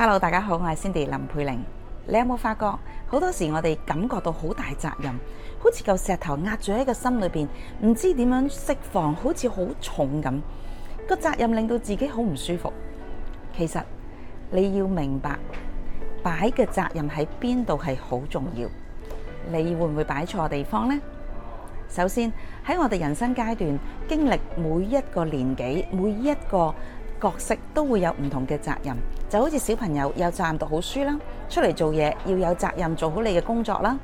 Hello，大家好，我係 Cindy 林佩玲。你有冇發覺好多時我哋感覺到好大責任，好似嚿石頭壓住喺個心裏邊，唔知點樣釋放，好似好重咁。個責任令到自己好唔舒服。其實你要明白，擺嘅責任喺邊度係好重要。你會唔會擺錯地方呢？首先喺我哋人生階段經歷每一個年紀，每一個。角色都會有唔同嘅責任，就好似小朋友有責任讀好書啦，出嚟做嘢要有責任做好你嘅工作啦。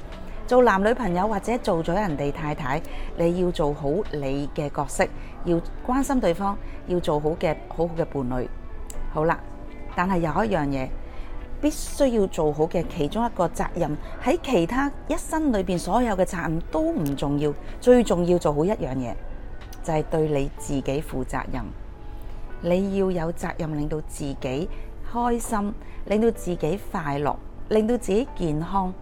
做男女朋友或者做咗人哋太太，你要做好你嘅角色，要關心對方，要做好嘅好好嘅伴侶。好啦，但係有一樣嘢必須要做好嘅其中一個責任，喺其他一生裏邊所有嘅責任都唔重要，最重要做好一樣嘢，就係對你自己負責任。你要有責任令到自己開心，令到自己快樂，令到自己健康。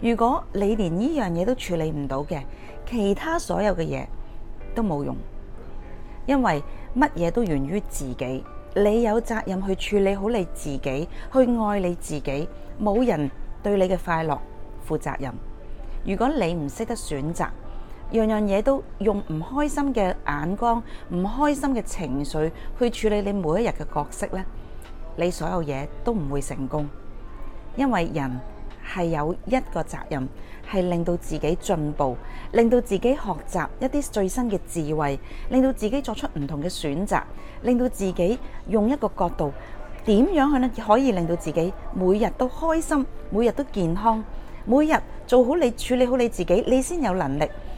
如果你連呢樣嘢都處理唔到嘅，其他所有嘅嘢都冇用，因為乜嘢都源於自己。你有責任去處理好你自己，去愛你自己，冇人對你嘅快樂負責任。如果你唔識得選擇，樣樣嘢都用唔開心嘅眼光、唔開心嘅情緒去處理，你每一日嘅角色呢，你所有嘢都唔會成功。因為人係有一個責任，係令到自己進步，令到自己學習一啲最新嘅智慧，令到自己作出唔同嘅選擇，令到自己用一個角度點樣去呢，可以令到自己每日都開心，每日都健康，每日做好你，處理好你自己，你先有能力。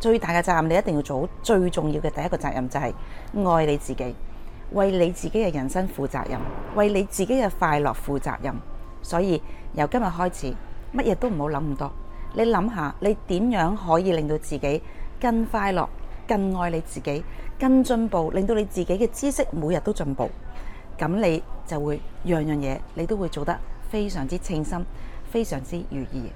最大嘅責任你一定要做好，最重要嘅第一個責任就係、是、愛你自己，為你自己嘅人生負責任，為你自己嘅快樂負責任。所以由今日開始，乜嘢都唔好諗咁多，你諗下你點樣可以令到自己更快樂、更愛你自己、更進步，令到你自己嘅知識每日都進步，咁你就會樣樣嘢你都會做得非常之稱心，非常之如意。